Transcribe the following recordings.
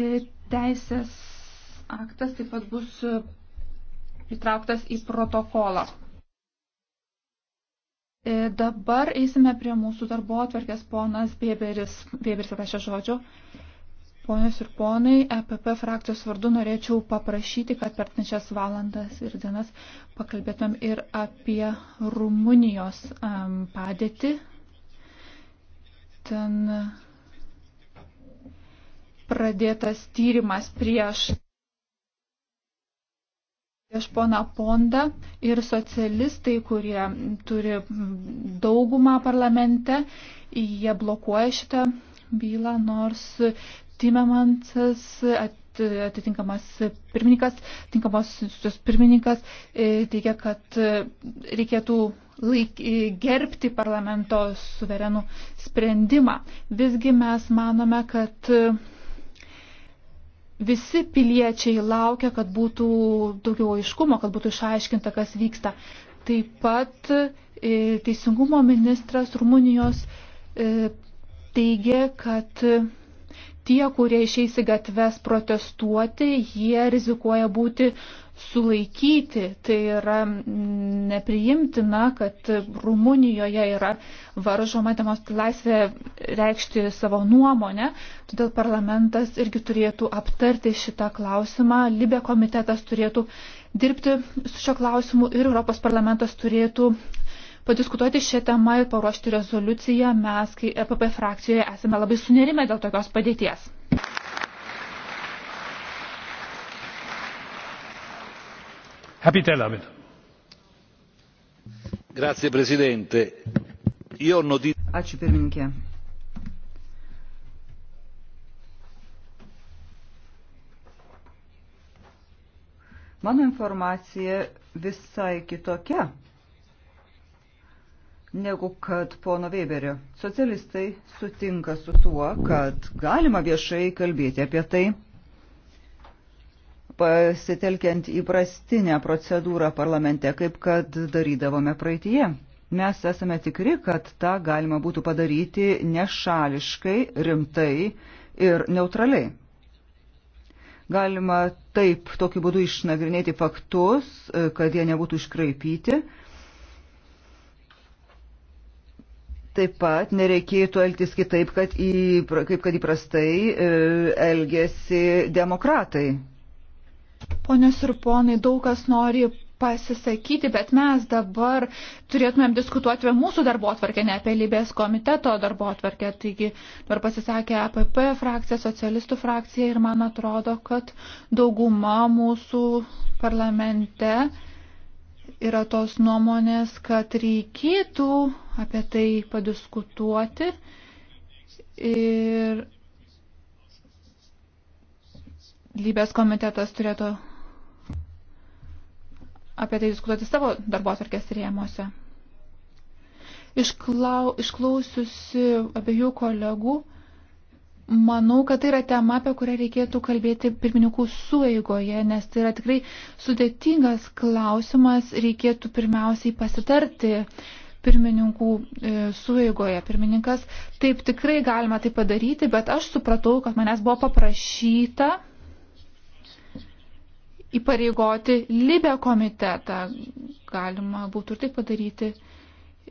E, teisės aktas taip pat bus e, įtrauktas į protokolą. E, dabar eisime prie mūsų darbo atverkės ponas Bėberis, Bėberis apie šią žodžių. Ponios ir ponai, EPP frakcijos vardu norėčiau paprašyti, kad per tenčias valandas ir dienas pakalbėtum ir apie Rumunijos um, padėtį. Ten uh, pradėtas tyrimas prieš, prieš poną Pondą ir socialistai, kurie turi daugumą parlamente, jie blokuoja šitą bylą, nors Timemansas atitinkamas pirmininkas, atitinkamos institucijos pirmininkas e, teigia, kad reikėtų laik, e, gerbti parlamento suverenų sprendimą. Visgi mes manome, kad visi piliečiai laukia, kad būtų daugiau aiškumo, kad būtų išaiškinta, kas vyksta. Taip pat e, teisingumo ministras Rumunijos e, teigia, kad tie, kurie išeis į gatves protestuoti, jie rizikuoja būti sulaikyti. Tai yra nepriimtina, kad Rumunijoje yra varžoma temos laisvė reikšti savo nuomonę, todėl parlamentas irgi turėtų aptarti šitą klausimą, Libė komitetas turėtų dirbti su šio klausimu ir Europos parlamentas turėtų padiskutuoti šią temą ir paruošti rezoliuciją. Mes, kai EPP frakcijoje, esame labai sunerime dėl tokios padėties. signor presidente onorevoli colleghi mano informacija visai kitokia negu kad pono Weberio. Socialistai sutinka su tuo, kad galima viešai kalbėti apie tai, pasitelkiant įprastinę procedūrą parlamente, kaip kad darydavome praeitie. Mes esame tikri, kad tą galima būtų padaryti nešališkai, rimtai ir neutraliai. Galima taip tokiu būdu išnagrinėti faktus, kad jie nebūtų iškraipyti. Taip pat nereikėtų elgtis kitaip, kad į, kaip kad įprastai e, elgesi demokratai Ponios ir ponai, daug kas nori pasisakyti, bet mes dabar turėtumėm diskutuoti apie mūsų darbo atvarkę, ne apie lybės komiteto darbo atvarkę. Taigi dabar pasisakė APP frakcija, socialistų frakcija ir man atrodo, kad dauguma mūsų parlamente yra tos nuomonės, kad reikėtų apie tai padiskutuoti. Ir lybės komitetas turėtų apie tai diskutuoti savo darbos arkės rėmose. Išklau, išklausiusi abiejų kolegų, manau, kad tai yra tema, apie kurią reikėtų kalbėti pirmininkų sueigoje, nes tai yra tikrai sudėtingas klausimas, reikėtų pirmiausiai pasitarti pirmininkų e, sueigoje. Pirmininkas, taip tikrai galima tai padaryti, bet aš supratau, kad manęs buvo paprašyta įpareigoti Libę komitetą. Galima būtų ir taip padaryti.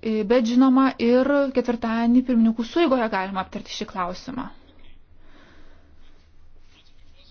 E, bet žinoma, ir ketvirtadienį pirmininkų suigoje galima aptarti šį klausimą.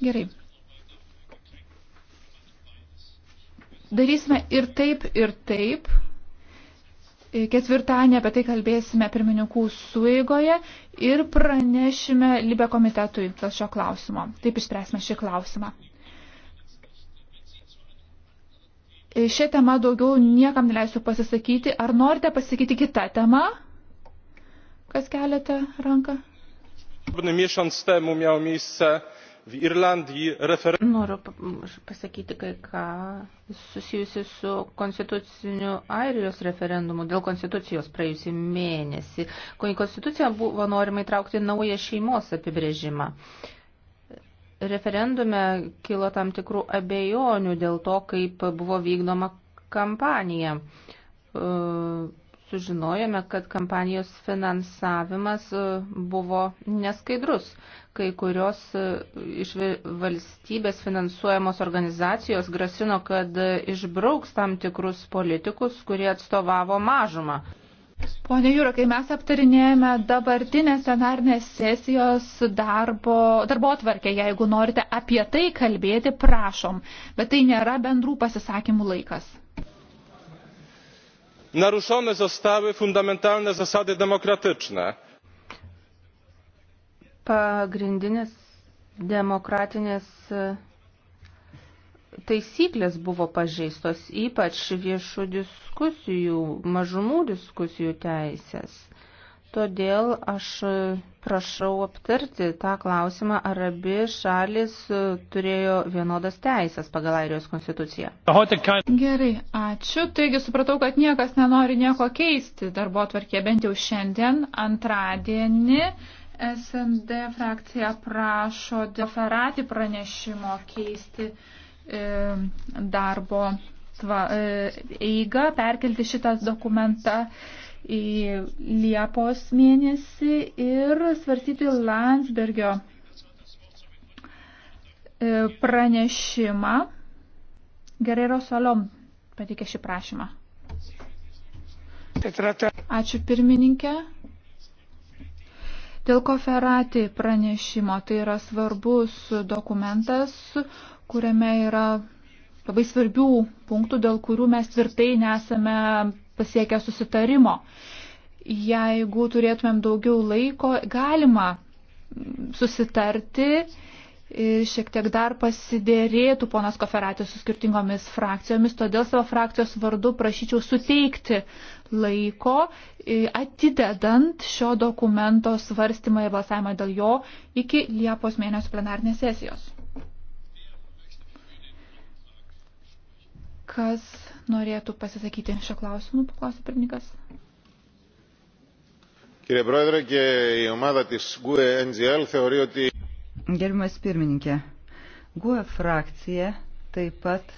Gerai. Darysime ir taip, ir taip. E, ketvirtadienį apie tai kalbėsime pirmininkų suigoje ir pranešime Libė komitetui dėl šio klausimo. Taip išspręsime šį klausimą. Šią temą daugiau niekam neleisiu pasisakyti. Ar norite pasakyti kitą temą? Kas keliate ranką? Noriu pasakyti kai ką susijusi su konstituciniu Airijos referendumu dėl konstitucijos praėjusį mėnesį. Konstitucija buvo norima įtraukti naują šeimos apibrėžimą. Uh, referendume kilo tam tikrų abejonių dėl to, kaip buvo vykdoma kampanija. E, sužinojome, kad kampanijos finansavimas e, buvo neskaidrus. Kai kurios e, iš valstybės finansuojamos organizacijos grasino, kad išbrauks tam tikrus politikus, kurie atstovavo mažumą. Pone Jūro, kai mes aptarinėjame dabartinę scenarinės sesijos darbo, darbo atvarkę, jeigu norite apie tai kalbėti, prašom, bet tai nėra bendrų pasisakymų laikas. Naruszone zostały fundamentalne zasady demokratyczne. Pagrindinės demokratinės taisyklės buvo pažeistos, ypač viešų diskusijų, mažumų diskusijų teisės. Todėl aš prašau aptarti tą klausimą, ar abi šalis turėjo vienodas teisės pagal Airijos konstituciją. Gerai, ačiū. Taigi supratau, kad niekas nenori nieko keisti darbo atvarkė, bent jau šiandien, antradienį. SND frakcija prašo deferatį pranešimo keisti E, darbo e, eigą, perkelti šitą dokumentą į Liepos mėnesį ir svarstyti Landsbergio e, pranešimą. Gerero Salom patikė šį prašymą. Ačiū pirmininkė. Dėl koferatį pranešimo tai yra svarbus dokumentas, kuriame yra labai svarbių punktų, dėl kurių mes tvirtai nesame pasiekę susitarimo. Jeigu turėtumėm daugiau laiko, galima susitarti ir šiek tiek dar pasidėrėtų ponas Koferatis su skirtingomis frakcijomis, todėl savo frakcijos vardu prašyčiau suteikti laiko, atidedant šio dokumento svarstymą ir balsavimą dėl jo iki Liepos mėnesio plenarnės sesijos. Kas norėtų pasisakyti šio klausimu, paklausė pirmininkas. Gerbimas pirmininkė, GUE frakcija taip pat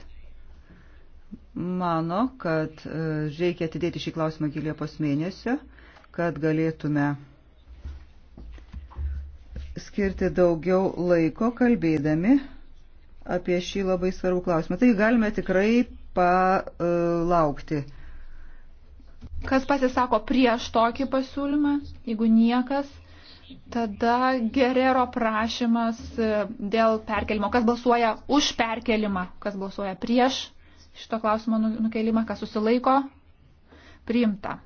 mano, kad e, reikia atidėti šį klausimą iki Liepos mėnesio, kad galėtume skirti daugiau laiko kalbėdami apie šį labai svarbų klausimą. Tai galime tikrai palaukti. Kas pasisako prieš tokį pasiūlymą, jeigu niekas, tada gerero prašymas e, dėl perkelimo. Kas balsuoja už perkelimą, kas balsuoja prieš šito klausimo nu, nukelimą, kas susilaiko, priimta.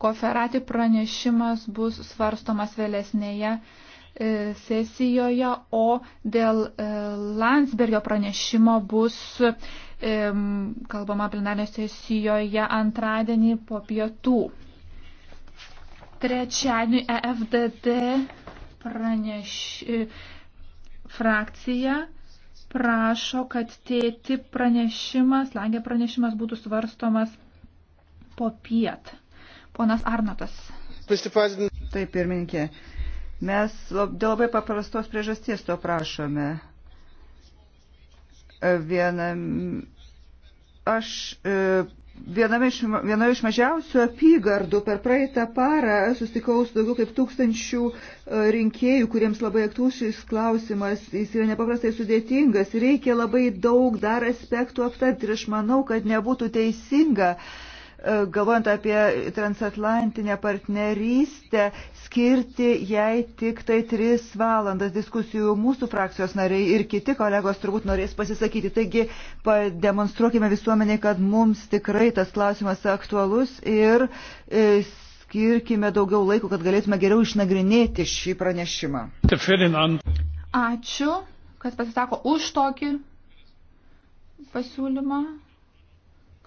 Koferati pranešimas bus svarstomas vėlesnėje E, sesijoje, o dėl e, Landsbergio pranešimo bus e, kalbama plenarinė sesijoje antradienį po pietų. Trečiadienį EFDD praneš, frakcija prašo, kad tėti pranešimas, langė pranešimas būtų svarstomas po piet. Ponas Arnotas. Taip, pirmininkė. Mes dėl labai paprastos priežasties to prašome. E, Viena, aš e, viename iš, vienoje iš mažiausių apygardų per praeitą parą susitikau su daugiau kaip tūkstančių e, rinkėjų, kuriems labai aktuus šis klausimas, jis yra nepaprastai sudėtingas, reikia labai daug dar aspektų aptarti ir aš manau, kad nebūtų teisinga uh, E, galvojant apie transatlantinę partnerystę, skirti jai tik tai tris valandas diskusijų mūsų frakcijos nariai ir kiti kolegos turbūt norės pasisakyti. Taigi pademonstruokime visuomeniai, kad mums tikrai tas klausimas aktualus ir e, skirkime daugiau laiko, kad galėtume geriau išnagrinėti šį pranešimą. Ačiū, kas pasisako už tokį pasiūlymą.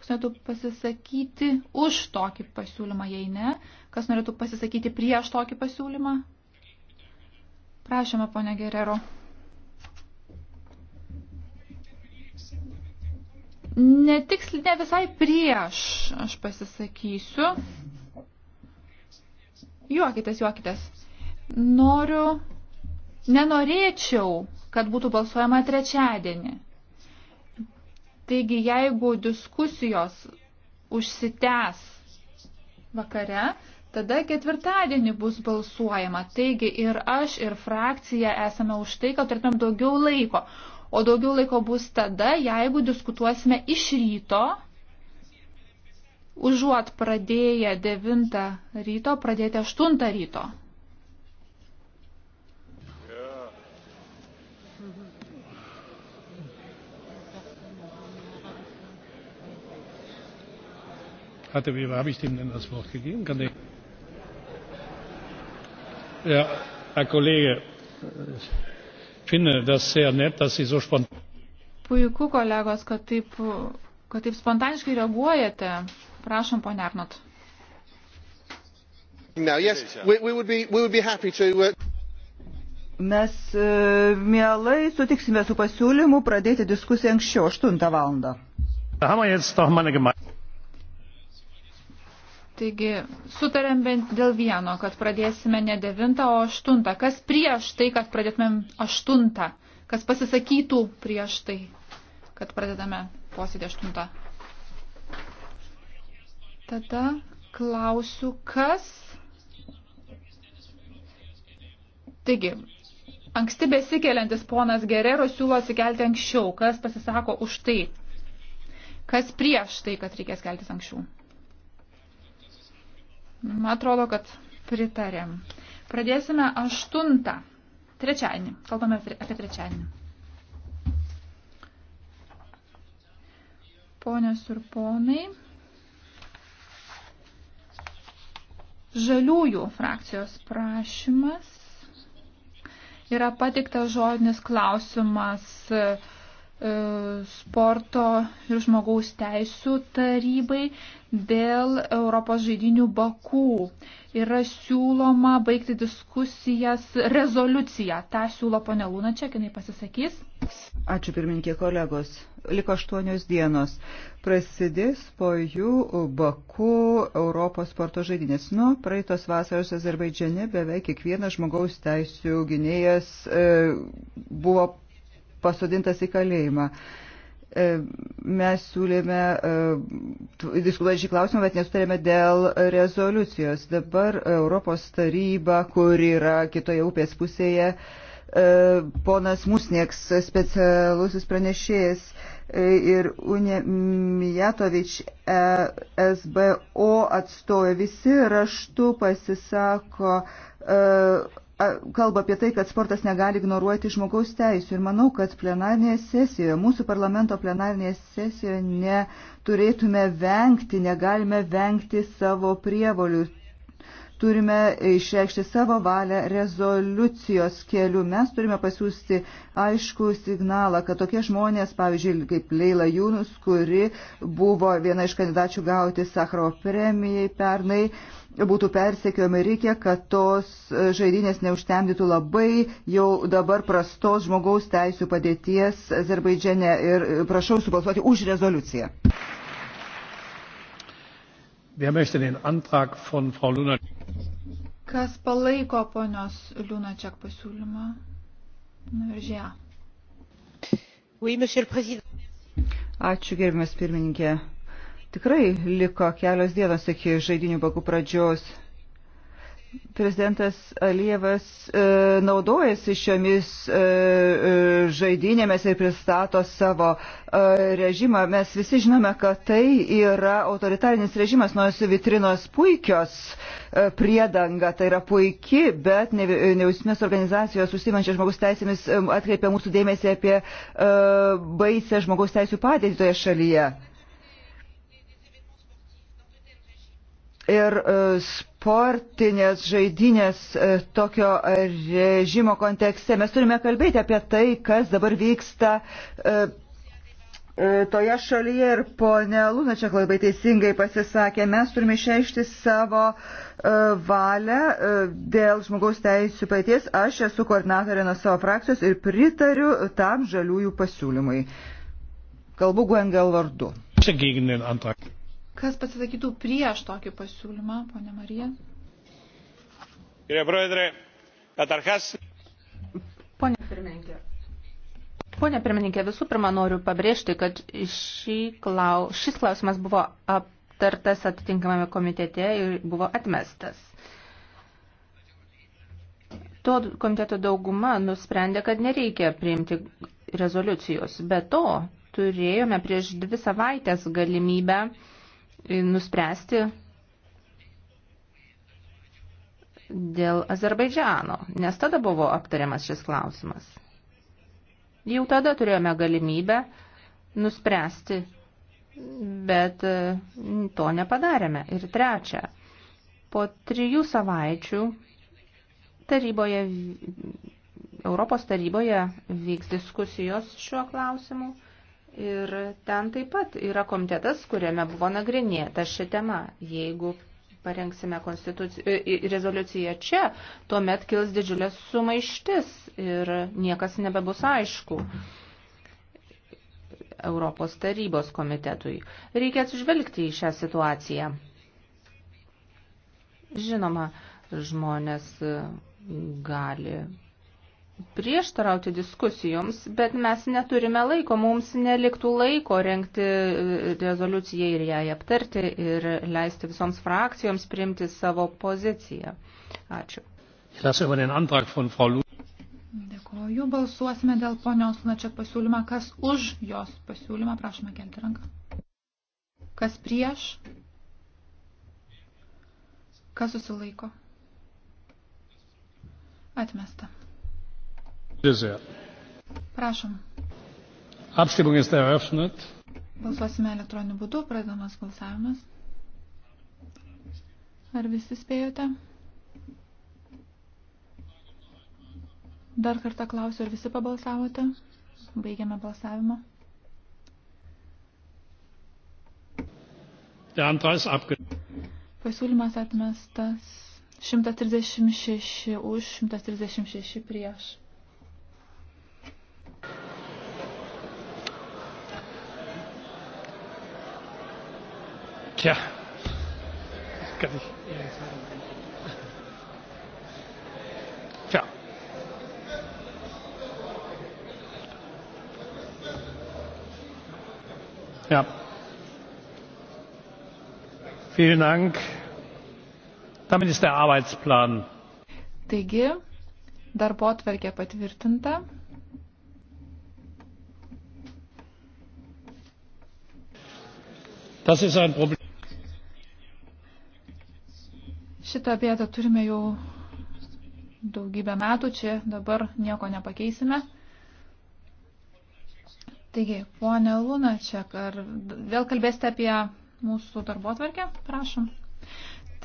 Kas norėtų pasisakyti už tokį pasiūlymą, jei ne? Kas norėtų pasisakyti prieš tokį pasiūlymą? Prašome, ponia Gerero. Netiksli, ne visai prieš aš pasisakysiu. Juokitės, juokitės. Noriu, nenorėčiau, kad būtų balsuojama trečiadienį. Taigi, jeigu diskusijos užsitęs vakare, tada ketvirtadienį bus balsuojama. Taigi ir aš, ir frakcija esame už tai, kad turėtumėm daugiau laiko. O daugiau laiko bus tada, jeigu diskutuosime iš ryto, užuot pradėję 9 ryto, pradėti 8 ryto. Hatte, wem habe ich dem denn das Wort gegeben? Kann der, ja, Herr Kollege, ich finde das sehr nett, dass Sie so spontan. Puiku, kolegos, kad taip, kad taip spontaniškai reaguojate. Prašom, ponia Arnot. Now, yes, we, we would be, we would be happy to, uh... Mes e, mielai sutiksime su pasiūlymu pradėti diskusiją anksčiau, 8 valandą. Taigi sutarėm bent dėl vieno, kad pradėsime ne devintą, o aštuntą. Kas prieš tai, kad pradėtumėm aštuntą? Kas pasisakytų prieš tai, kad pradedame posėdį aštuntą? Tada klausiu, kas. Taigi, anksti besikeliantis ponas Gerero siūlo atsikelti anksčiau. Kas pasisako už tai? Kas prieš tai, kad reikės keltis anksčiau? Man atrodo, kad pritarėm. Pradėsime aštuntą. Trečiadienį. Kalbame apie trečiadienį. Ponios ir ponai. Žaliųjų frakcijos prašymas yra patiktas žodinis klausimas E, sporto ir žmogaus teisų tarybai dėl Europos žaidinių bakų. Yra siūloma baigti diskusijas rezoliuciją. Ta siūlo ponė Lūnačiak, jinai pasisakys. Ačiū pirmininkė kolegos. Liko aštuonios dienos. Prasidės po jų Baku Europos sporto žaidynės. Nuo praeitos vasaros Azerbaidžiane beveik kiekvienas žmogaus teisų gynėjas e, buvo pasodintas į kalėjimą. E, mes siūlėme e, diskutuoti šį klausimą, bet nesutarėme dėl rezoliucijos. Dabar Europos taryba, kur yra kitoje upės pusėje, e, ponas Musnieks, specialusis pranešėjas ir Unė Mijatovič SBO atstovė visi raštu pasisako kalba apie tai, kad sportas negali ignoruoti žmogaus teisų. Ir manau, kad plenarnėje sesijoje, mūsų parlamento plenarnėje sesijoje neturėtume vengti, negalime vengti savo prievolių. Turime išreikšti savo valią rezoliucijos keliu. Mes turime pasiūsti aišku signalą, kad tokie žmonės, pavyzdžiui, kaip Leila Jūnus, kuri buvo viena iš kandidačių gauti Sakro premijai pernai, būtų persekiojami. Reikia, kad tos e, žaidynės neužtemdytų labai jau dabar prastos žmogaus teisų padėties Azerbaidžiane. Ir e, prašau subalsuoti už rezoliuciją. Kas palaiko ponios Liūnačiak pasiūlymą? Nuveržė. Oui, Ačiū gerbiamas pirmininkė. Tikrai liko kelios dienos iki žaidinių bagų pradžios. Prezidentas Alievas e, naudojasi šiomis e, e, žaidinėmis ir pristato savo e, režimą. Mes visi žinome, kad tai yra autoritarinis režimas, nors vitrinos puikios e, priedanga, tai yra puiki, bet nevyriausybinės organizacijos užsimančios žmogus teisėmis e, atkreipia mūsų dėmesį apie e, baisę žmogaus teisų padėtį toje šalyje. ir e, sportinės žaidinės e, tokio režimo kontekste. Mes turime kalbėti apie tai, kas dabar vyksta e, toje šalyje ir ponė Lunačiak labai teisingai pasisakė, mes turime išreikšti savo valią dėl žmogaus teisų paties. Aš esu koordinatorė nuo savo frakcijos ir pritariu tam žaliųjų pasiūlymui. Kalbu Guengel vardu. Kas pasisakytų prieš tokį pasiūlymą, ponė Marija? Pone pirmininkė. Pone pirmininkė, visų pirma noriu pabrėžti, kad klau, šis klausimas buvo aptartas atitinkamame komitete ir buvo atmestas. To komiteto dauguma nusprendė, kad nereikia priimti rezoliucijos. Be to, turėjome prieš dvi savaitės galimybę uh, nuspręsti dėl Azerbaidžiano, nes tada buvo aptariamas šis klausimas. Jau tada turėjome galimybę nuspręsti, bet e, to nepadarėme. Ir trečia, po trijų savaičių taryboje, Europos taryboje vyks diskusijos šiuo klausimu Ir ten taip pat yra komitetas, kuriame buvo nagrinėta ši tema. Jeigu parengsime e, rezoliuciją čia, tuomet kils didžiulė sumaištis ir niekas nebebus aišku. Europos tarybos komitetui. Reikia atsižvelgti į šią situaciją. Žinoma, žmonės gali prieštarauti diskusijoms, bet mes neturime laiko, mums neliktų laiko renkti e, rezoliuciją ir ją aptarti ir leisti visoms frakcijoms priimti savo poziciją. Ačiū. Dėkoju, balsuosime dėl ponios Lunačiak pasiūlymą. Kas už jos pasiūlymą, prašome kelti ranką. Kas prieš? Kas susilaiko? Atmesta. Prašom. Apstimung ist eröffnet. Balsuosime elektroniniu būdu, pradedamas balsavimas. Ar visi spėjote? Dar kartą klausiu, ar visi pabalsavote? Baigiame balsavimą. Pasiūlymas atmestas 136 už, 136 prieš. Tja. Das kann ich. Tja. Ja. Vielen Dank. Damit ist der Arbeitsplan. Taigi, darbo atverkė patvirtinta. Das ist ein Problem. Šitą bėdą turime jau daugybę metų, čia dabar nieko nepakeisime. Taigi, ponė Lunačiak, ar vėl kalbėsite apie mūsų darbo tvarkę? Prašom.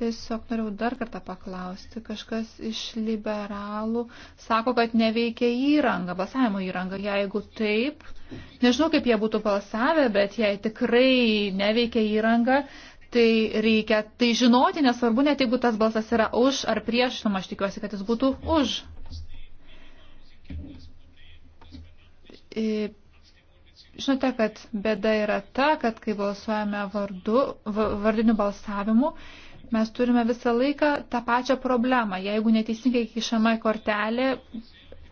Tiesiog norėjau dar kartą paklausti. Kažkas iš liberalų sako, kad neveikia įranga, balsavimo įranga. Jeigu taip, nežinau, kaip jie būtų balsavę, bet jei tikrai neveikia įranga, tai reikia tai žinoti, nesvarbu net jeigu tas balsas yra už ar prieš, nu, aš tikiuosi, kad jis būtų už. E, žinote, kad bėda yra ta, kad kai balsuojame vardu, vardiniu balsavimu, mes turime visą laiką tą pačią problemą. Jeigu neteisingai kišama į kortelę,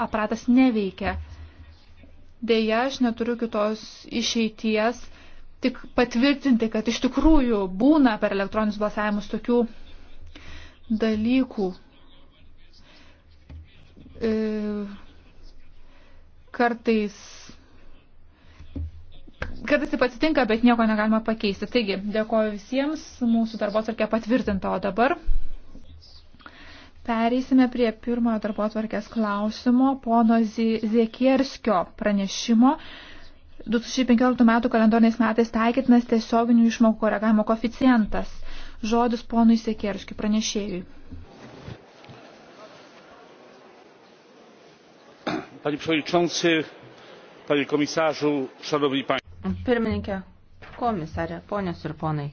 aparatas neveikia. Deja, aš neturiu kitos išeities, tik patvirtinti, kad iš tikrųjų būna per elektroninius balsavimus tokių dalykų. E, kartais. Kartais taip atsitinka, bet nieko negalima pakeisti. Taigi, dėkoju visiems, mūsų darbo tvarkė patvirtinta, o dabar pereisime prie pirmojo darbo tvarkės klausimo, pono Ziekierskio pranešimo. 2015 m. kalendoriniais metais taikytinas tiesioginių išmokų koregavimo koficijantas. Žodis ponui Sekeriškiui pranešėjui. Panie Przewodniczący, Panie Komisarzu, Szanowni Państwo. Pirmininkė, komisarė, ponios ir ponai.